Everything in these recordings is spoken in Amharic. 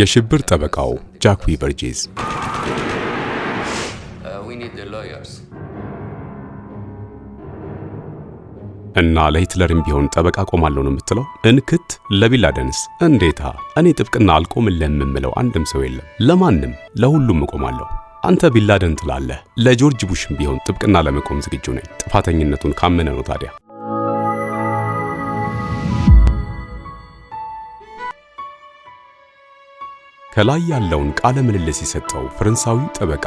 የሽብር ጠበቃው ጃክዊ በርጄዝ uh, እና ለሂትለርም ቢሆን ጠበቃ ቆማለሁ ነው የምትለው? እንክት ለቢላደንስ እንዴታ! እኔ ጥብቅና አልቆምልህም የምለው አንድም ሰው የለም። ለማንም ለሁሉም እቆማለሁ። አንተ ቢላደን ትላለህ። ለጆርጅ ቡሽም ቢሆን ጥብቅና ለመቆም ዝግጁ ነኝ፣ ጥፋተኝነቱን ካመነ ነው። ታዲያ ከላይ ያለውን ቃለ ምልልስ የሰጠው ፈረንሳዊ ጠበቃ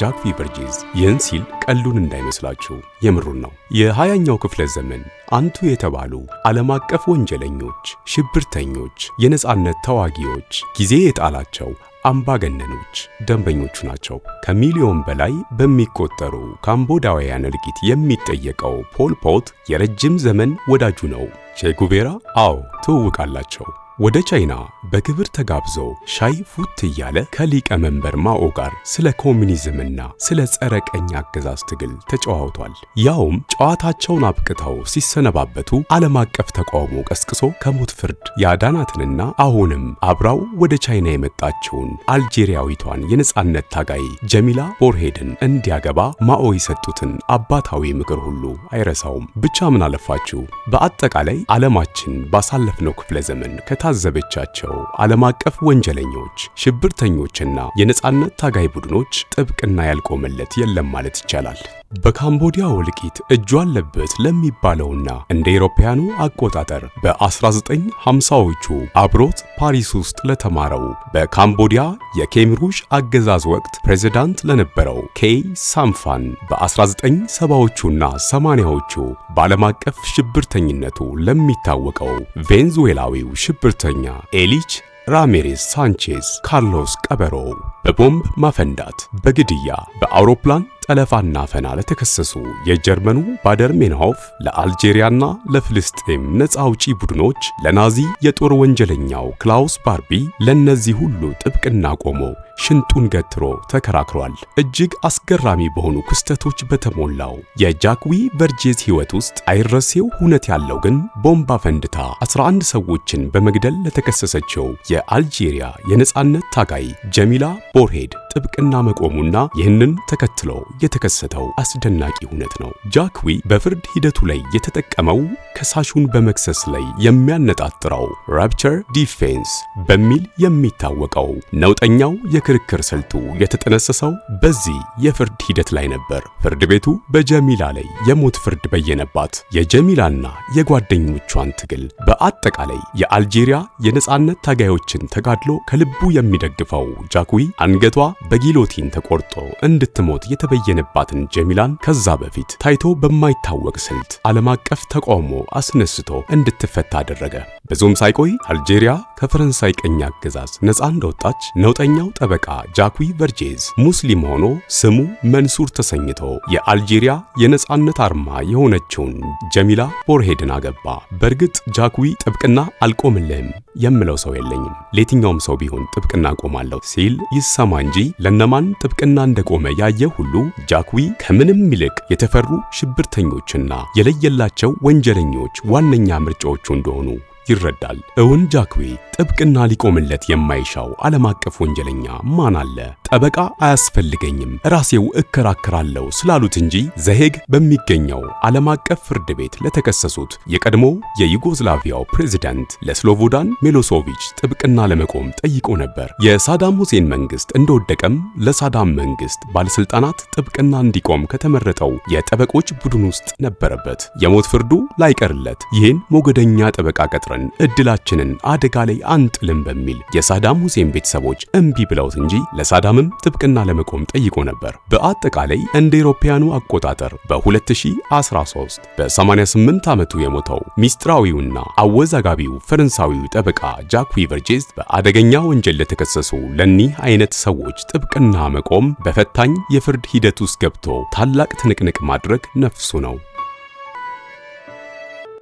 ጃክ ቪበርጄዝ ይህን ሲል ቀሉን እንዳይመስላችሁ የምሩን ነው። የሃያኛው ክፍለ ዘመን አንቱ የተባሉ ዓለም አቀፍ ወንጀለኞች፣ ሽብርተኞች፣ የነጻነት ተዋጊዎች፣ ጊዜ የጣላቸው አምባገነኖች ደንበኞቹ ናቸው። ከሚሊዮን በላይ በሚቆጠሩ ካምቦዳውያን እልቂት የሚጠየቀው ፖል ፖት የረጅም ዘመን ወዳጁ ነው። ቼጉቬራ አዎ ትውውቃላቸው። ወደ ቻይና በክብር ተጋብዞ ሻይ ፉት እያለ ከሊቀ መንበር ማኦ ጋር ስለ ኮሚኒዝምና ስለ ጸረ ቀኝ አገዛዝ ትግል ተጨዋውቷል። ያውም ጨዋታቸውን አብቅተው ሲሰነባበቱ ዓለም አቀፍ ተቃውሞ ቀስቅሶ ከሞት ፍርድ ያዳናትንና አሁንም አብራው ወደ ቻይና የመጣችውን አልጄሪያዊቷን የነጻነት ታጋይ ጀሚላ ቦርሄድን እንዲያገባ ማኦ የሰጡትን አባታዊ ምክር ሁሉ አይረሳውም። ብቻ ምን አለፋችሁ በአጠቃላይ ዓለማችን ባሳለፍነው ክፍለ ዘመን ከታ ታዘበቻቸው ዓለም አቀፍ ወንጀለኞች፣ ሽብርተኞችና የነጻነት ታጋይ ቡድኖች ጥብቅና ያልቆመለት የለም ማለት ይቻላል። በካምቦዲያ እልቂት እጁ አለበት ለሚባለውና እንደ ኤሮፓያኑ አቆጣጠር በ1950ዎቹ አብሮት ፓሪስ ውስጥ ለተማረው በካምቦዲያ የኬምሩዥ አገዛዝ ወቅት ፕሬዝዳንት ለነበረው ኬይ ሳምፋን በ1970ዎቹና 80ዎቹ በዓለም አቀፍ ሽብርተኝነቱ ለሚታወቀው ቬንዙዌላዊው ሽብርተኛ ኤሊች ራሜሬስ ሳንቼዝ ካርሎስ ቀበሮ በቦምብ ማፈንዳት፣ በግድያ፣ በአውሮፕላን ጠለፋና ፈና ለተከሰሱ የጀርመኑ ባደር ሜንሆፍ ለአልጄሪያና ለፍልስጤም ነፃ አውጪ ቡድኖች ለናዚ የጦር ወንጀለኛው ክላውስ ባርቢ ለእነዚህ ሁሉ ጥብቅና ቆሞ ሽንጡን ገትሮ ተከራክሯል። እጅግ አስገራሚ በሆኑ ክስተቶች በተሞላው የጃክዊ ቨርጄዝ ሕይወት ውስጥ አይረሴው ሁነት ያለው ግን ቦምባ ፈንድታ 11 ሰዎችን በመግደል ለተከሰሰችው የአልጄሪያ የነፃነት ታጋይ ጀሚላ ቦርሄድ ጥብቅና መቆሙና ይህንን ተከትለው የተከሰተው አስደናቂ ሁነት ነው። ጃክዊ በፍርድ ሂደቱ ላይ የተጠቀመው ከሳሹን በመክሰስ ላይ የሚያነጣጥረው ራፕቸር ዲፌንስ በሚል የሚታወቀው ነውጠኛው የክርክር ስልቱ የተጠነሰሰው በዚህ የፍርድ ሂደት ላይ ነበር። ፍርድ ቤቱ በጀሚላ ላይ የሞት ፍርድ በየነባት። የጀሚላና የጓደኞቿን ትግል በአጠቃላይ የአልጄሪያ የነጻነት ታጋዮችን ተጋድሎ ከልቡ የሚደግፈው ጃክዊ አንገቷ በጊሎቲን ተቆርጦ እንድትሞት የተበየነባትን ጀሚላን ከዛ በፊት ታይቶ በማይታወቅ ስልት ዓለም አቀፍ ተቃውሞ አስነስቶ እንድትፈታ አደረገ። ብዙም ሳይቆይ አልጄሪያ ከፈረንሳይ ቀኝ አገዛዝ ነፃ እንደወጣች ነውጠኛው ጠበቃ ጃኩዊ ቨርጄዝ ሙስሊም ሆኖ ስሙ መንሱር ተሰኝቶ የአልጄሪያ የነፃነት አርማ የሆነችውን ጀሚላ ቦርሄድን አገባ። በእርግጥ ጃኩዊ ጥብቅና አልቆምልህም የምለው ሰው የለኝም፣ ለየትኛውም ሰው ቢሆን ጥብቅና ቆማለሁ ሲል ይሰማ እንጂ ለነማን ጥብቅና እንደቆመ ያየ ሁሉ ጃኩዊ ከምንም ይልቅ የተፈሩ ሽብርተኞችና የለየላቸው ወንጀለኞች ዋነኛ ምርጫዎቹ እንደሆኑ ይረዳል። እውን ጃክዌ ጥብቅና ሊቆምለት የማይሻው ዓለም አቀፍ ወንጀለኛ ማን አለ? ጠበቃ አያስፈልገኝም ራሴው እከራከራለሁ ስላሉት እንጂ ዘሄግ በሚገኘው ዓለም አቀፍ ፍርድ ቤት ለተከሰሱት የቀድሞ የዩጎዝላቪያው ፕሬዝዳንት ለስሎቮዳን ሜሎሶቪች ጥብቅና ለመቆም ጠይቆ ነበር። የሳዳም ሁሴን መንግስት እንደወደቀም ለሳዳም መንግስት ባለስልጣናት ጥብቅና እንዲቆም ከተመረጠው የጠበቆች ቡድን ውስጥ ነበረበት። የሞት ፍርዱ ላይቀርለት ይህን ሞገደኛ ጠበቃ ቀጥረ አክብረን እድላችንን አደጋ ላይ አንጥልም በሚል የሳዳም ሁሴን ቤተሰቦች እምቢ ብለውት እንጂ ለሳዳምም ጥብቅና ለመቆም ጠይቆ ነበር። በአጠቃላይ እንደ ኢሮፓያኑ አቆጣጠር በ2013 በ88 ዓመቱ የሞተው ሚስጥራዊውና አወዛጋቢው ፈረንሳዊው ጠበቃ ጃኩዊ ቨርጄዝ በአደገኛ ወንጀል ለተከሰሱ ለኒህ አይነት ሰዎች ጥብቅና መቆም በፈታኝ የፍርድ ሂደት ውስጥ ገብቶ ታላቅ ትንቅንቅ ማድረግ ነፍሱ ነው።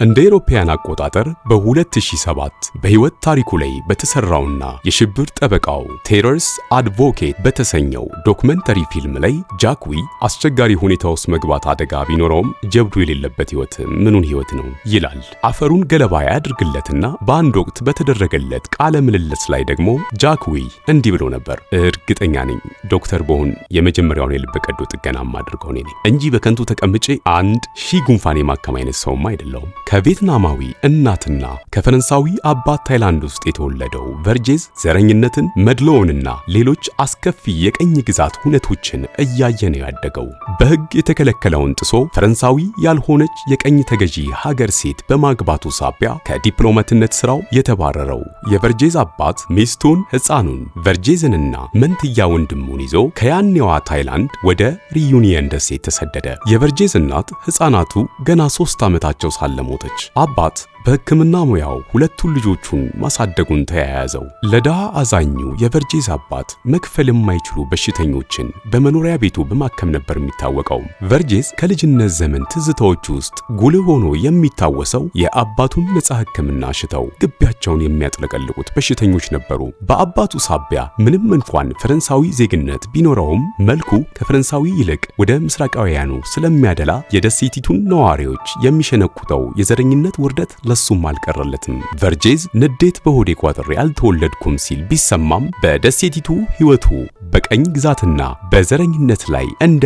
እንደ ኤሮፓያን አቆጣጠር በ2007 በሕይወት ታሪኩ ላይ በተሰራውና የሽብር ጠበቃው ቴረርስ አድቮኬት በተሰኘው ዶክመንተሪ ፊልም ላይ ጃክዊ አስቸጋሪ ሁኔታ ውስጥ መግባት አደጋ ቢኖረውም ጀብዱ የሌለበት ሕይወት ምኑን ሕይወት ነው ይላል። አፈሩን ገለባ ያድርግለትና በአንድ ወቅት በተደረገለት ቃለ ምልልስ ላይ ደግሞ ጃክዊ እንዲህ ብሎ ነበር። እርግጠኛ ነኝ ዶክተር በሆን የመጀመሪያውን የልብ ቀዶ ጥገናም ማድርገው እኔ ነኝ እንጂ በከንቱ ተቀምጬ አንድ ሺህ ጉንፋን የማከም አይነት ሰውም አይደለውም። ከቪየትናማዊ እናትና ከፈረንሳዊ አባት ታይላንድ ውስጥ የተወለደው ቨርጄዝ ዘረኝነትን፣ መድሎውንና ሌሎች አስከፊ የቀኝ ግዛት ሁነቶችን እያየ ነው ያደገው። በሕግ የተከለከለውን ጥሶ ፈረንሳዊ ያልሆነች የቀኝ ተገዢ ሀገር ሴት በማግባቱ ሳቢያ ከዲፕሎማትነት ስራው የተባረረው የቨርጄዝ አባት ሚስቱን፣ ሕፃኑን ቨርጄዝንና መንትያ ወንድሙን ይዞ ከያኔዋ ታይላንድ ወደ ሪዩኒየን ደሴት ተሰደደ። የቨርጄዝ እናት ሕፃናቱ ገና ሶስት ዓመታቸው ሳለሙ ተለወጠች። አባት በሕክምና ሙያው ሁለቱን ልጆቹን ማሳደጉን ተያያዘው። ለድሃ አዛኙ የቨርጄዝ አባት መክፈል የማይችሉ በሽተኞችን በመኖሪያ ቤቱ በማከም ነበር የሚታወቀው። ቨርጄዝ ከልጅነት ዘመን ትዝታዎች ውስጥ ጉልህ ሆኖ የሚታወሰው የአባቱን ነፃ ሕክምና ሽተው ግቢያቸውን የሚያጥለቀልቁት በሽተኞች ነበሩ። በአባቱ ሳቢያ ምንም እንኳን ፈረንሳዊ ዜግነት ቢኖረውም መልኩ ከፈረንሳዊ ይልቅ ወደ ምስራቃውያኑ ስለሚያደላ የደሴቲቱን ነዋሪዎች የሚሸነቁተው የዘረኝነት ውርደት እሱም አልቀረለትም። ቨርጄዝ ንዴት በሆዴ ቋጥሬ አልተወለድኩም ሲል ቢሰማም በደሴቲቱ ሕይወቱ በቀኝ ግዛትና በዘረኝነት ላይ እንደ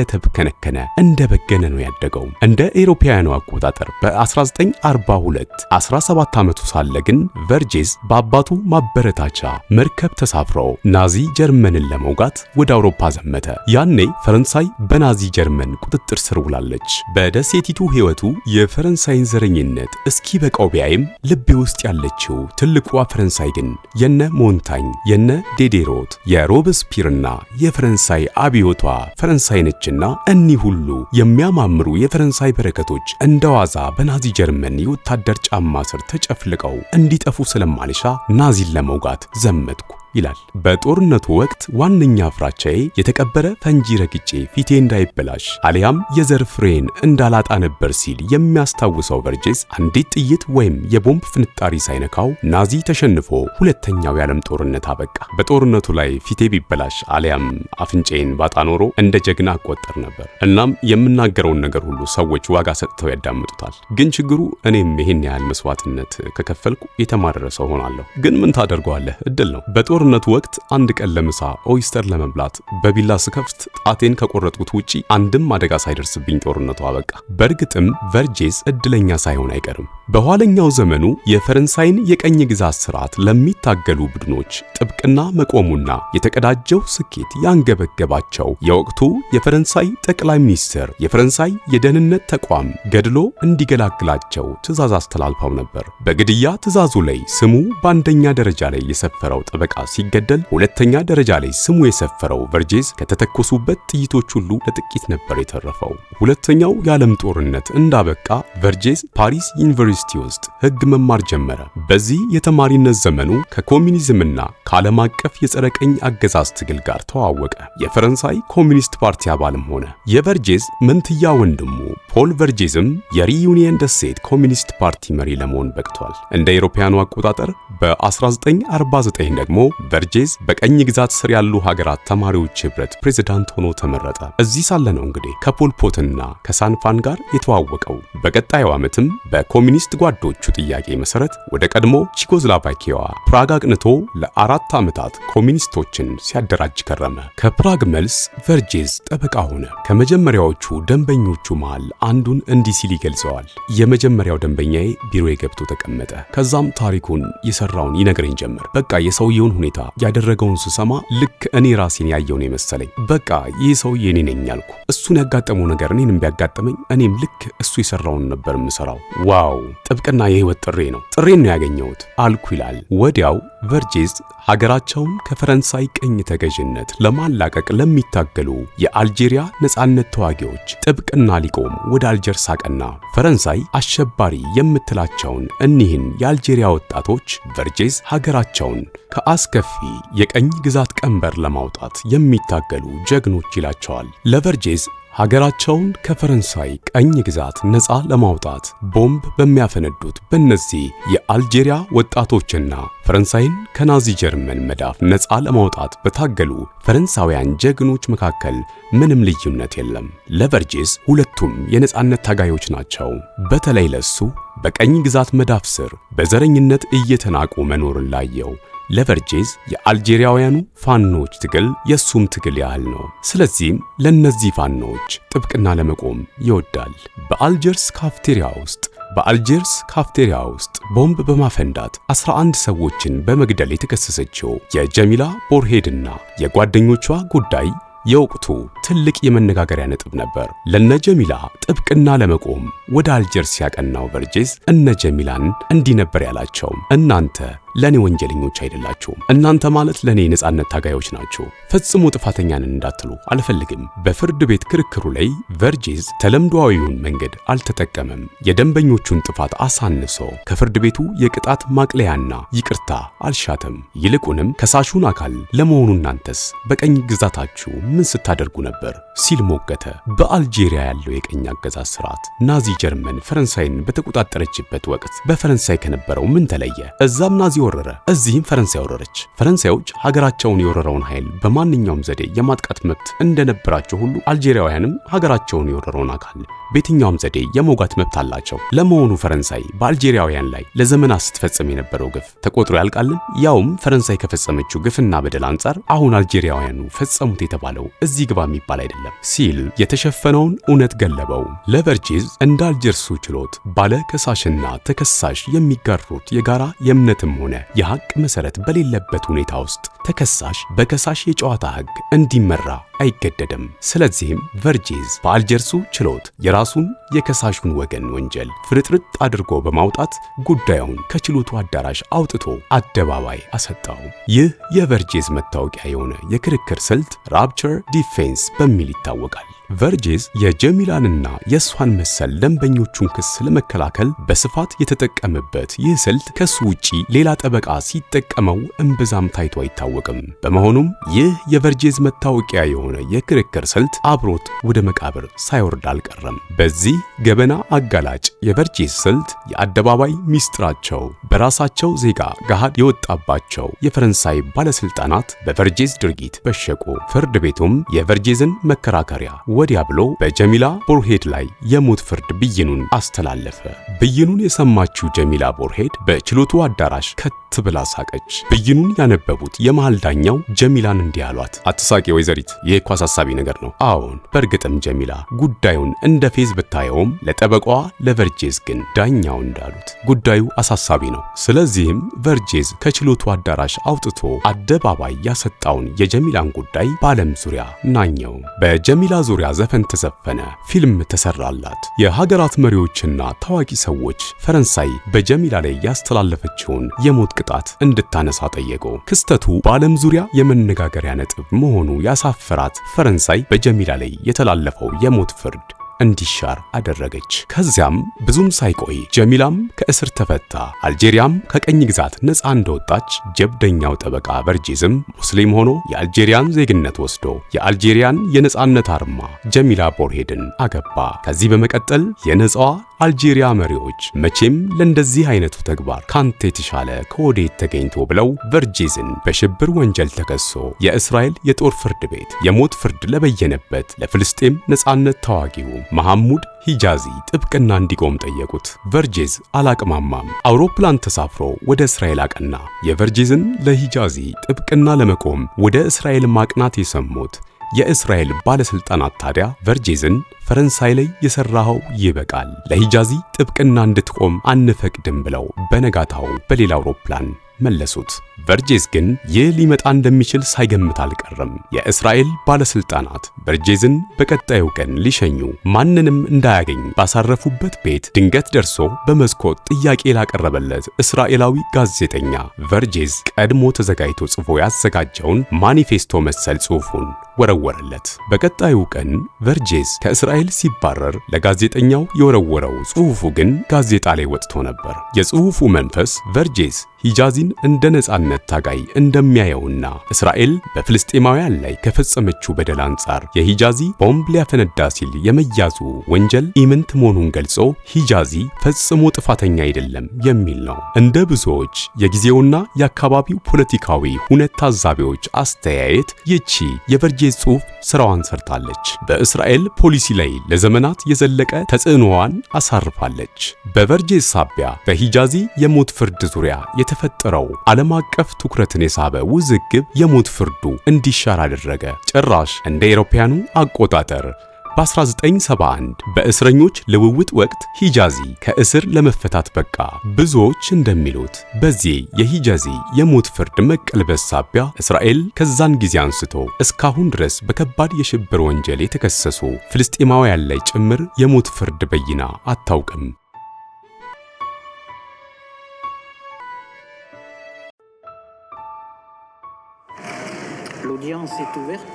እንደበገነ ነው ያደገው። እንደ ኤሮፓውያኑ አቆጣጠር በ1942 17 ዓመቱ ሳለ ግን ቨርጄዝ በአባቱ ማበረታቻ መርከብ ተሳፍሮ ናዚ ጀርመንን ለመውጋት ወደ አውሮፓ ዘመተ። ያኔ ፈረንሳይ በናዚ ጀርመን ቁጥጥር ስር ውላለች። በደሴቲቱ ሕይወቱ የፈረንሳይን ዘረኝነት እስኪ በቃው ቢያይም ልቤ ውስጥ ያለችው ትልቋ ፈረንሳይ ግን የነ ሞንታኝ የነ ዴዴሮት የሮብስፒርና የፈረንሳይ አብዮቷ ፈረንሳይ ነችና እኒህ ሁሉ የሚያማምሩ የፈረንሳይ በረከቶች እንደ ዋዛ በናዚ ጀርመን የወታደር ጫማ ስር ተጨፍልቀው እንዲጠፉ ስለማልሻ ናዚን ለመውጋት ዘመትኩ። ይላል። በጦርነቱ ወቅት ዋነኛ ፍራቻዬ የተቀበረ ፈንጂ ረግጬ ፊቴ እንዳይበላሽ አሊያም የዘር ፍሬን እንዳላጣ ነበር ሲል የሚያስታውሰው በርጄስ አንዲት ጥይት ወይም የቦምብ ፍንጣሪ ሳይነካው ናዚ ተሸንፎ ሁለተኛው የዓለም ጦርነት አበቃ። በጦርነቱ ላይ ፊቴ ቢበላሽ አሊያም አፍንጬን ባጣ ኖሮ እንደ ጀግና አቆጠር ነበር። እናም የምናገረውን ነገር ሁሉ ሰዎች ዋጋ ሰጥተው ያዳምጡታል። ግን ችግሩ እኔም ይህን ያህል መስዋዕትነት ከከፈልኩ የተማረረ ሰው ሆናለሁ። ግን ምን ታደርገዋለህ? እድል ነው። በጦርነቱ ወቅት አንድ ቀን ለምሳ ኦይስተር ለመብላት በቢላ ስከፍት ጣቴን ከቆረጥኩት ውጪ አንድም አደጋ ሳይደርስብኝ ጦርነቱ አበቃ። በእርግጥም ቨርጄስ እድለኛ ሳይሆን አይቀርም። በኋለኛው ዘመኑ የፈረንሳይን የቀኝ ግዛት ስርዓት ለሚታገሉ ቡድኖች ጥብቅና መቆሙና የተቀዳጀው ስኬት ያንገበገባቸው የወቅቱ የፈረንሳይ ጠቅላይ ሚኒስትር የፈረንሳይ የደህንነት ተቋም ገድሎ እንዲገላግላቸው ትዕዛዝ አስተላልፈው ነበር። በግድያ ትዕዛዙ ላይ ስሙ በአንደኛ ደረጃ ላይ የሰፈረው ጠበቃ ሲገደል፣ ሁለተኛ ደረጃ ላይ ስሙ የሰፈረው ቨርጄዝ ከተተኮሱበት ጥይቶች ሁሉ ለጥቂት ነበር የተረፈው። ሁለተኛው የዓለም ጦርነት እንዳበቃ ቨርጄዝ ፓሪስ ዩኒቨርሲቲ ዩኒቨርሲቲ ውስጥ ሕግ መማር ጀመረ። በዚህ የተማሪነት ዘመኑ ከኮሚኒዝምና ከዓለም አቀፍ የጸረ ቀኝ አገዛዝ ትግል ጋር ተዋወቀ። የፈረንሳይ ኮሚኒስት ፓርቲ አባልም ሆነ። የቨርጄዝ መንትያ ወንድሙ ፖል ቨርጄዝም የሪዩኒየን ደሴት ኮሚኒስት ፓርቲ መሪ ለመሆን በቅቷል። እንደ አውሮፓውያኑ አቆጣጠር በ1949 ደግሞ ቨርጄዝ በቀኝ ግዛት ስር ያሉ ሀገራት ተማሪዎች ህብረት ፕሬዝዳንት ሆኖ ተመረጠ። እዚህ ሳለ ነው እንግዲህ ከፖልፖትና ከሳንፋን ጋር የተዋወቀው። በቀጣዩ ዓመትም በኮሚኒስት በአምስት ጓዶቹ ጥያቄ መሰረት ወደ ቀድሞ ቺኮዝላቫኪያዋ ፕራግ አቅንቶ ለአራት ዓመታት ኮሚኒስቶችን ሲያደራጅ ከረመ። ከፕራግ መልስ ቨርጄዝ ጠበቃ ሆነ። ከመጀመሪያዎቹ ደንበኞቹ መሃል አንዱን እንዲህ ሲል ይገልጸዋል። የመጀመሪያው ደንበኛዬ ቢሮ ገብቶ ተቀመጠ። ከዛም ታሪኩን የሰራውን ይነግረኝ ጀመር። በቃ የሰውየውን ሁኔታ ያደረገውን ስሰማ ልክ እኔ ራሴን ያየውን የመሰለኝ። በቃ ይህ ሰውዬ እኔ ነኝ አልኩ። እሱን ያጋጠመው ነገር እኔንም ቢያጋጥመኝ እኔም ልክ እሱ የሰራውን ነበር የምሰራው። ዋው ጥብቅና የህይወት ጥሪ ነው። ጥሪን ነው ያገኘሁት አልኩ ይላል። ወዲያው ቨርጂዝ ሀገራቸውን ከፈረንሳይ ቅኝ ተገዥነት ለማላቀቅ ለሚታገሉ የአልጄሪያ ነጻነት ተዋጊዎች ጥብቅና ሊቆም ወደ አልጀር ሳቀና ፈረንሳይ አሸባሪ የምትላቸውን እኒህን የአልጄሪያ ወጣቶች ቨርጄዝ ሀገራቸውን ከአስከፊ የቀኝ ግዛት ቀንበር ለማውጣት የሚታገሉ ጀግኖች ይላቸዋል። ለቨርጄዝ ሀገራቸውን ከፈረንሳይ ቀኝ ግዛት ነፃ ለማውጣት ቦምብ በሚያፈነዱት በእነዚህ የአልጄሪያ ወጣቶችና ፈረንሳይን ከናዚ ጀርመን መዳፍ ነፃ ለማውጣት በታገሉ ፈረንሳውያን ጀግኖች መካከል ምንም ልዩነት የለም። ለቨርጂስ ሁለቱም የነፃነት ታጋዮች ናቸው። በተለይ ለሱ በቀኝ ግዛት መዳፍ ስር በዘረኝነት እየተናቁ መኖርን ላየው ለቨርጄዝ የአልጄሪያውያኑ ፋኖዎች ትግል የእሱም ትግል ያህል ነው። ስለዚህም ለእነዚህ ፋኖዎች ጥብቅና ለመቆም ይወዳል። በአልጀርስ ካፍቴሪያ ውስጥ በአልጀርስ ካፍቴሪያ ውስጥ ቦምብ በማፈንዳት 11 ሰዎችን በመግደል የተከሰሰችው የጀሚላ ቦርሄድና የጓደኞቿ ጉዳይ የወቅቱ ትልቅ የመነጋገሪያ ነጥብ ነበር። ለነ ጀሚላ ጥብቅና ለመቆም ወደ አልጀርስ ያቀናው ቨርጄዝ እነ ጀሚላን እንዲህ ነበር ያላቸው እናንተ ለኔ ወንጀለኞች አይደላቸውም። እናንተ ማለት ለኔ የነጻነት ታጋዮች ናቸው። ፈጽሞ ጥፋተኛን እንዳትሉ አልፈልግም። በፍርድ ቤት ክርክሩ ላይ ቨርጄዝ ተለምዶዊውን መንገድ አልተጠቀመም። የደንበኞቹን ጥፋት አሳንሶ ከፍርድ ቤቱ የቅጣት ማቅለያና ይቅርታ አልሻተም። ይልቁንም ከሳሹን አካል ለመሆኑ እናንተስ በቀኝ ግዛታችሁ ምን ስታደርጉ ነበር ሲል ሞገተ። በአልጄሪያ ያለው የቀኝ አገዛዝ ስርዓት ናዚ ጀርመን ፈረንሳይን በተቆጣጠረችበት ወቅት በፈረንሳይ ከነበረው ምን ተለየ? እዛም ናዚ ናዚ ወረረ፣ እዚህም ፈረንሳይ ወረረች። ፈረንሳዮች ሀገራቸውን የወረረውን ኃይል በማንኛውም ዘዴ የማጥቃት መብት እንደነበራቸው ሁሉ አልጄሪያውያንም ሀገራቸውን የወረረውን አካል በየትኛውም ዘዴ የመውጋት መብት አላቸው። ለመሆኑ ፈረንሳይ በአልጄሪያውያን ላይ ለዘመናት ስትፈጽም የነበረው ግፍ ተቆጥሮ ያልቃልን? ያውም ፈረንሳይ ከፈጸመችው ግፍና በደል አንጻር አሁን አልጄሪያውያኑ ፈጸሙት የተባለው እዚህ ግባ የሚባል አይደለም ሲል የተሸፈነውን እውነት ገለበው። ለቨርጂዝ እንደ አልጀርሱ ችሎት ባለ ከሳሽና ተከሳሽ የሚጋሩት የጋራ የእምነትም ሆነ ሆነ የሐቅ መሠረት በሌለበት ሁኔታ ውስጥ ተከሳሽ በከሳሽ የጨዋታ ሕግ እንዲመራ አይገደድም። ስለዚህም ቨርጄዝ በአልጀርሱ ችሎት የራሱን የከሳሹን ወገን ወንጀል ፍርጥርጥ አድርጎ በማውጣት ጉዳዩን ከችሎቱ አዳራሽ አውጥቶ አደባባይ አሰጣው። ይህ የቨርጄዝ መታወቂያ የሆነ የክርክር ስልት ራፕቸር ዲፌንስ በሚል ይታወቃል። ቨርጄዝ የጀሚላንና የእሷን መሰል ደንበኞቹን ክስ ለመከላከል በስፋት የተጠቀመበት ይህ ስልት ከሱ ውጪ ሌላ ጠበቃ ሲጠቀመው እምብዛም ታይቶ አይታወቅም። በመሆኑም ይህ የቨርጄዝ መታወቂያ የሆነ የክርክር ስልት አብሮት ወደ መቃብር ሳይወርድ አልቀረም። በዚህ ገበና አጋላጭ የቨርጄዝ ስልት የአደባባይ ሚስጥራቸው በራሳቸው ዜጋ ገሃድ የወጣባቸው የፈረንሳይ ባለስልጣናት በቨርጄዝ ድርጊት በሸቁ። ፍርድ ቤቱም የቨርጄዝን መከራከሪያ ወዲያ ብሎ በጀሚላ ቦርሄድ ላይ የሞት ፍርድ ብይኑን አስተላለፈ። ብይኑን የሰማችው ጀሚላ ቦርሄድ በችሎቱ አዳራሽ ከት ብላ ሳቀች። ብይኑን ያነበቡት የመሃል ዳኛው ጀሚላን እንዲህ አሏት። አትሳቂ ወይዘሪት፣ ይሄ እኮ አሳሳቢ ነገር ነው። አዎን፣ በእርግጥም ጀሚላ ጉዳዩን እንደ ፌዝ ብታየውም ለጠበቃዋ ለቨርጄዝ ግን ዳኛው እንዳሉት ጉዳዩ አሳሳቢ ነው። ስለዚህም ቨርጄዝ ከችሎቱ አዳራሽ አውጥቶ አደባባይ ያሰጣውን የጀሚላን ጉዳይ በዓለም ዙሪያ ናኘው። በጀሚላ ዙሪያ ዘፈን ተዘፈነ፣ ፊልም ተሰራላት። የሀገራት መሪዎችና ታዋቂ ሰዎች ፈረንሳይ በጀሚላ ላይ ያስተላለፈችውን የሞት ቅጣት እንድታነሳ ጠየቁ። ክስተቱ በዓለም ዙሪያ የመነጋገሪያ ነጥብ መሆኑ ያሳፈራት ፈረንሳይ በጀሚላ ላይ የተላለፈው የሞት ፍርድ እንዲሻር አደረገች። ከዚያም ብዙም ሳይቆይ ጀሚላም ከእስር ተፈታ። አልጄሪያም ከቀኝ ግዛት ነፃ እንደወጣች ጀብደኛው ጠበቃ በርጂዝም ሙስሊም ሆኖ የአልጄሪያን ዜግነት ወስዶ የአልጄሪያን የነፃነት አርማ ጀሚላ ቦርሄድን አገባ። ከዚህ በመቀጠል የነፃዋ አልጄሪያ መሪዎች መቼም ለእንደዚህ አይነቱ ተግባር ካንተ የተሻለ ከወዴት ተገኝቶ ብለው ቨርጄዝን በሽብር ወንጀል ተከሶ የእስራኤል የጦር ፍርድ ቤት የሞት ፍርድ ለበየነበት ለፍልስጤም ነጻነት ታዋቂው መሐሙድ ሂጃዚ ጥብቅና እንዲቆም ጠየቁት። ቨርጄዝ አላቅማማም። አውሮፕላን ተሳፍሮ ወደ እስራኤል አቀና። የቨርጄዝን ለሂጃዚ ጥብቅና ለመቆም ወደ እስራኤል ማቅናት የሰሙት የእስራኤል ባለስልጣናት ታዲያ ቨርጄዝን ፈረንሳይ ላይ የሰራኸው ይበቃል፣ ለሂጃዚ ጥብቅና እንድትቆም አንፈቅድም ብለው በነጋታው በሌላ አውሮፕላን መለሱት። በርጄዝ ግን ይህ ሊመጣ እንደሚችል ሳይገምት አልቀረም። የእስራኤል ባለስልጣናት በርጄዝን በቀጣዩ ቀን ሊሸኙ ማንንም እንዳያገኝ ባሳረፉበት ቤት ድንገት ደርሶ በመስኮት ጥያቄ ላቀረበለት እስራኤላዊ ጋዜጠኛ ቨርጄዝ ቀድሞ ተዘጋጅቶ ጽፎ ያዘጋጀውን ማኒፌስቶ መሰል ጽሑፉን ወረወረለት። በቀጣዩ ቀን ቨርጄዝ ከእስራኤል ሲባረር ለጋዜጠኛው የወረወረው ጽሑፉ ግን ጋዜጣ ላይ ወጥቶ ነበር። የጽሑፉ መንፈስ ቨርጄዝ ሂጃዚን እንደ ነጻነት ታጋይ እንደሚያየውና እስራኤል በፍልስጤማውያን ላይ ከፈጸመችው በደል አንጻር የሂጃዚ ቦምብ ሊያፈነዳ ሲል የመያዙ ወንጀል ኢምንት መሆኑን ገልጾ ሂጃዚ ፈጽሞ ጥፋተኛ አይደለም የሚል ነው። እንደ ብዙዎች የጊዜውና የአካባቢው ፖለቲካዊ ሁነት ታዛቢዎች አስተያየት ይቺ የቨርጄ ጽሑፍ ስራዋን ሰርታለች። በእስራኤል ፖሊሲ ላይ ለዘመናት የዘለቀ ተጽዕኖዋን አሳርፋለች። በቨርጄ ሳቢያ በሂጃዚ የሞት ፍርድ ዙሪያ የተፈጠረው ነው። ዓለም አቀፍ ትኩረትን የሳበ ውዝግብ የሞት ፍርዱ እንዲሻር አደረገ። ጭራሽ እንደ ኤሮፓያኑ አቆጣጠር በ1971 በእስረኞች ልውውጥ ወቅት ሂጃዚ ከእስር ለመፈታት በቃ። ብዙዎች እንደሚሉት በዚህ የሂጃዚ የሞት ፍርድ መቀልበስ ሳቢያ እስራኤል ከዛን ጊዜ አንስቶ እስካሁን ድረስ በከባድ የሽብር ወንጀል የተከሰሱ ፍልስጤማውያን ላይ ጭምር የሞት ፍርድ በይና አታውቅም። séance est ouverte.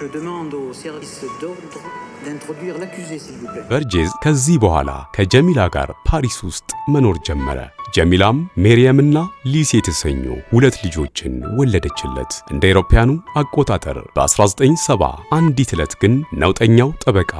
Je demande au service d'ordre d'introduire l'accusé, s'il vous plaît. በርጄዝ ከዚህ በኋላ ከጀሚላ ጋር ፓሪስ ውስጥ መኖር ጀመረ። ጀሚላም ሜሪየምና ሊስ የተሰኙ ሁለት ልጆችን ወለደችለት። እንደ አውሮፓውያኑ አቆጣጠር በ1970 አንዲት ዕለት ግን ነውጠኛው ጠበቃ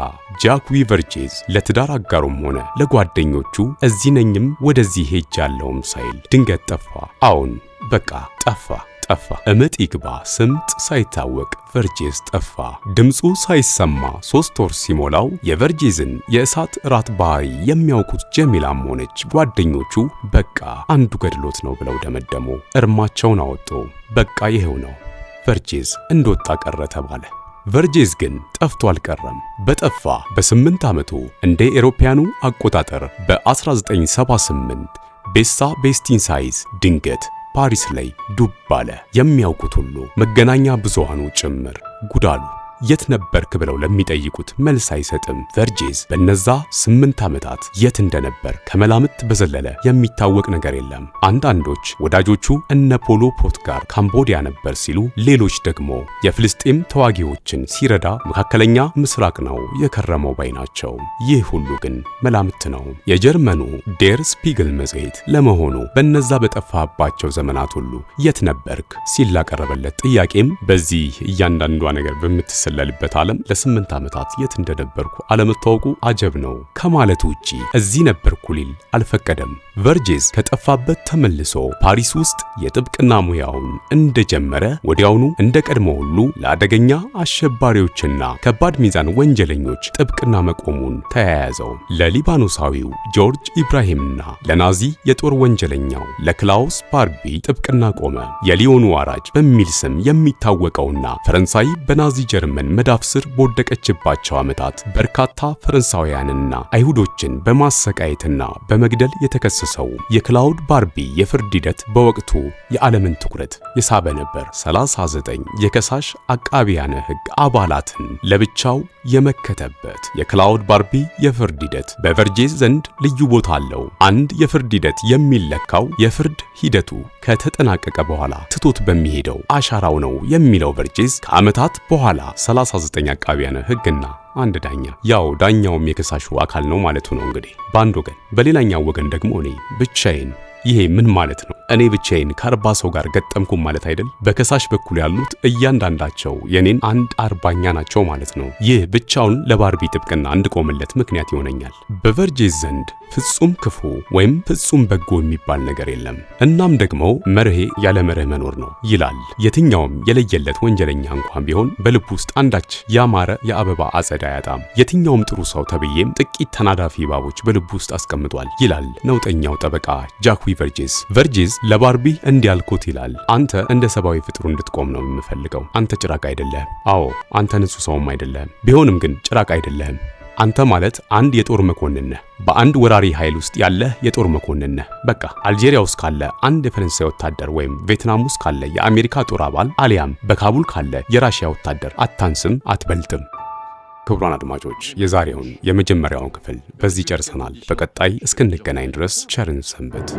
ጃክዊ ቨርጄዝ ለትዳር አጋሩም ሆነ ለጓደኞቹ እዚህ ነኝም ወደዚህ ሄጃለሁም ሳይል ድንገት ጠፋ። አዎን በቃ ጠፋ። ጠፋ። እምጥ ይግባ ስምጥ ሳይታወቅ ቨርጄዝ ጠፋ። ድምፁ ሳይሰማ ሶስት ወር ሲሞላው የቨርጄዝን የእሳት ራት ባህሪ የሚያውቁት ጀሚላም ሆነች ጓደኞቹ በቃ አንዱ ገድሎት ነው ብለው ደመደሙ። እርማቸውን አወጡ። በቃ ይኸው ነው ቨርጄዝ እንደወጣ ቀረ ተባለ። ቨርጄዝ ግን ጠፍቶ አልቀረም። በጠፋ በስምንት ዓመቱ እንደ ኤሮፓያኑ አቆጣጠር በ1978 ቤሳ ቤስቲንሳይዝ ድንገት ፓሪስ ላይ ዱብ አለ። የሚያውቁት ሁሉ መገናኛ ብዙሃኑ ጭምር ጉዳሉ። የት ነበርክ ብለው ለሚጠይቁት መልስ አይሰጥም። ቨርጄዝ በነዛ ስምንት ዓመታት የት እንደነበር ከመላምት በዘለለ የሚታወቅ ነገር የለም። አንዳንዶች ወዳጆቹ እነ ፖሎ ፖት ጋር ካምቦዲያ ነበር ሲሉ፣ ሌሎች ደግሞ የፍልስጤም ተዋጊዎችን ሲረዳ መካከለኛ ምስራቅ ነው የከረመው ባይ ናቸው። ይህ ሁሉ ግን መላምት ነው። የጀርመኑ ዴር ስፒግል መጽሔት ለመሆኑ በነዛ በጠፋባቸው ዘመናት ሁሉ የት ነበርክ ሲል ላቀረበለት ጥያቄም በዚህ እያንዳንዷ ነገር በምትስ በምሰለልበት ዓለም ለስምንት ዓመታት የት እንደነበርኩ አለመታወቁ አጀብ ነው ከማለት ውጪ እዚህ ነበርኩ ሊል አልፈቀደም። ቨርጄዝ ከጠፋበት ተመልሶ ፓሪስ ውስጥ የጥብቅና ሙያውን እንደጀመረ ወዲያውኑ እንደ ቀድሞ ሁሉ ለአደገኛ አሸባሪዎችና ከባድ ሚዛን ወንጀለኞች ጥብቅና መቆሙን ተያያዘው። ለሊባኖሳዊው ጆርጅ ኢብራሂምና ለናዚ የጦር ወንጀለኛው ለክላውስ ባርቢ ጥብቅና ቆመ። የሊዮኑ አራጅ በሚል ስም የሚታወቀውና ፈረንሳይ በናዚ ጀርመን መዳፍ ስር በወደቀችባቸው ዓመታት በርካታ ፈረንሳውያንና አይሁዶችን በማሰቃየትና በመግደል የተከሰሰ ሰው የክላውድ ባርቢ የፍርድ ሂደት በወቅቱ የዓለምን ትኩረት የሳበ ነበር። 39 የከሳሽ አቃቢያነ ሕግ አባላትን ለብቻው የመከተበት የክላውድ ባርቢ የፍርድ ሂደት በቨርጄስ ዘንድ ልዩ ቦታ አለው። አንድ የፍርድ ሂደት የሚለካው የፍርድ ሂደቱ ከተጠናቀቀ በኋላ ትቶት በሚሄደው አሻራው ነው የሚለው ቨርጄስ ከዓመታት በኋላ 39 አቃቢያነ ሕግና አንድ ዳኛ ያው ዳኛውም የከሳሹ አካል ነው ማለቱ ነው እንግዲህ በአንድ ወገን፣ በሌላኛው ወገን ደግሞ እኔ ብቻዬን ይሄ ምን ማለት ነው? እኔ ብቻዬን ከአርባ ሰው ጋር ገጠምኩም ማለት አይደል? በከሳሽ በኩል ያሉት እያንዳንዳቸው የኔን አንድ አርባኛ ናቸው ማለት ነው። ይህ ብቻውን ለባርቢ ጥብቅና እንድቆምለት ምክንያት ይሆነኛል። በቨርጄስ ዘንድ ፍጹም ክፉ ወይም ፍጹም በጎ የሚባል ነገር የለም። እናም ደግሞ መርሄ ያለ መርህ መኖር ነው ይላል። የትኛውም የለየለት ወንጀለኛ እንኳን ቢሆን በልብ ውስጥ አንዳች ያማረ የአበባ አጸድ አያጣም። የትኛውም ጥሩ ሰው ተብዬም ጥቂት ተናዳፊ እባቦች በልብ ውስጥ አስቀምጧል ይላል ነውጠኛው ጠበቃ ጃክዊ ቨርጅስ ቨርጅስ ለባርቢ እንዲያልኩት ይላል፣ አንተ እንደ ሰብአዊ ፍጡር እንድትቆም ነው የምፈልገው። አንተ ጭራቅ አይደለህም። አዎ አንተ ንጹህ ሰውም አይደለህም። ቢሆንም ግን ጭራቅ አይደለህም አንተ ማለት አንድ የጦር መኮንን ነህ። በአንድ ወራሪ ኃይል ውስጥ ያለህ የጦር መኮንን ነህ። በቃ አልጄሪያ ውስጥ ካለ አንድ የፈረንሳይ ወታደር ወይም ቬትናም ውስጥ ካለ የአሜሪካ ጦር አባል አሊያም በካቡል ካለ የራሽያ ወታደር አታንስም፣ አትበልጥም። ክቡራን አድማጮች የዛሬውን የመጀመሪያውን ክፍል በዚህ ጨርሰናል። በቀጣይ እስክንገናኝ ድረስ ቸርን ሰንበት።